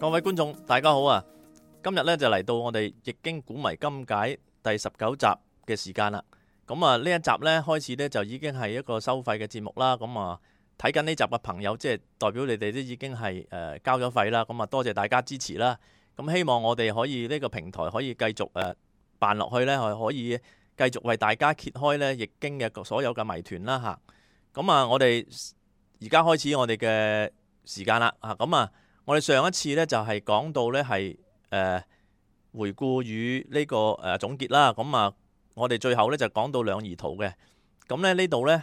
各位觀眾，大家好啊！今日咧，就嚟到我哋《易經古謎今解》第十九集嘅時間啦。咁啊，呢一集咧開始咧就已經係一個收費嘅節目啦。咁啊，睇緊呢集嘅朋友，即係代表你哋都已經係誒交咗費啦。咁啊，多謝大家支持啦。咁希望我哋可以呢個平台可以繼續誒辦落去咧，係可以繼續為大家揭開咧易經嘅所有嘅謎團啦吓。咁啊，我哋而家開始我哋嘅時間啦。吓，咁啊。我哋上一次咧就係講到咧係誒回顧與呢、這個誒、呃、總結啦。咁啊，我哋最後咧就講到兩儀圖嘅。咁咧呢度咧，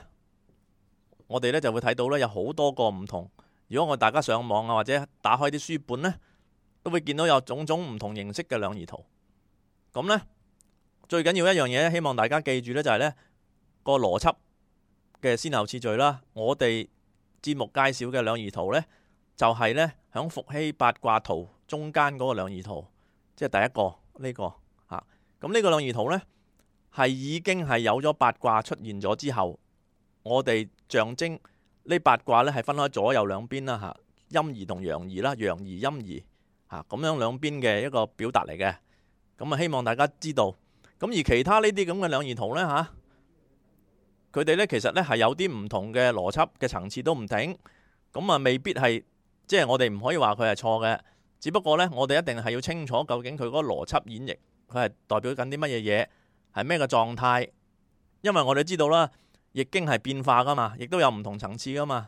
我哋咧就會睇到咧有好多個唔同。如果我哋大家上網啊，或者打開啲書本咧，都會見到有種種唔同形式嘅兩儀圖。咁咧最緊要的一樣嘢咧，希望大家記住咧就係、是、咧、那個邏輯嘅先後次序啦。我哋節目介紹嘅兩儀圖咧就係、是、咧。響伏羲八卦圖中間嗰個兩儀圖，即係第一個呢、這個嚇。咁、啊、呢個兩儀圖咧，係已經係有咗八卦出現咗之後，我哋象徵呢八卦咧係分開左右兩邊啦嚇、啊，陰儀同陽儀啦、啊，陽儀陰儀嚇咁、啊、樣兩邊嘅一個表達嚟嘅。咁啊，希望大家知道。咁而其他這些呢啲咁嘅兩儀圖咧嚇，佢哋咧其實咧係有啲唔同嘅邏輯嘅層次都唔停，咁啊未必係。即係我哋唔可以話佢係錯嘅，只不過呢，我哋一定係要清楚究竟佢嗰個邏輯演繹，佢係代表緊啲乜嘢嘢，係咩個狀態？因為我哋知道啦，易經係變化噶嘛，亦都有唔同層次噶嘛。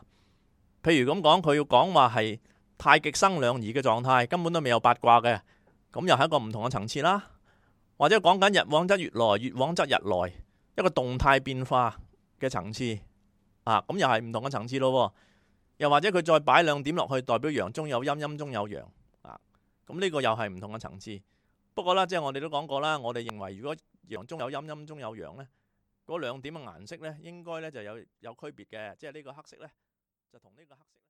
譬如咁講，佢要講話係太極生兩儀嘅狀態，根本都未有八卦嘅，咁又係一個唔同嘅層次啦。或者講緊日往則月來，月往則日來，一個動態變化嘅層次啊，咁又係唔同嘅層次咯。又或者佢再擺兩點落去，代表陽中有陰陰，陰中有陽啊，咁呢個又係唔同嘅層次。不過啦即係、就是、我哋都講過啦，我哋認為如果陽中有陰陰中有陽咧，嗰兩點嘅顏色咧，應該咧就有有區別嘅，即係呢個黑色咧，就同呢個黑色。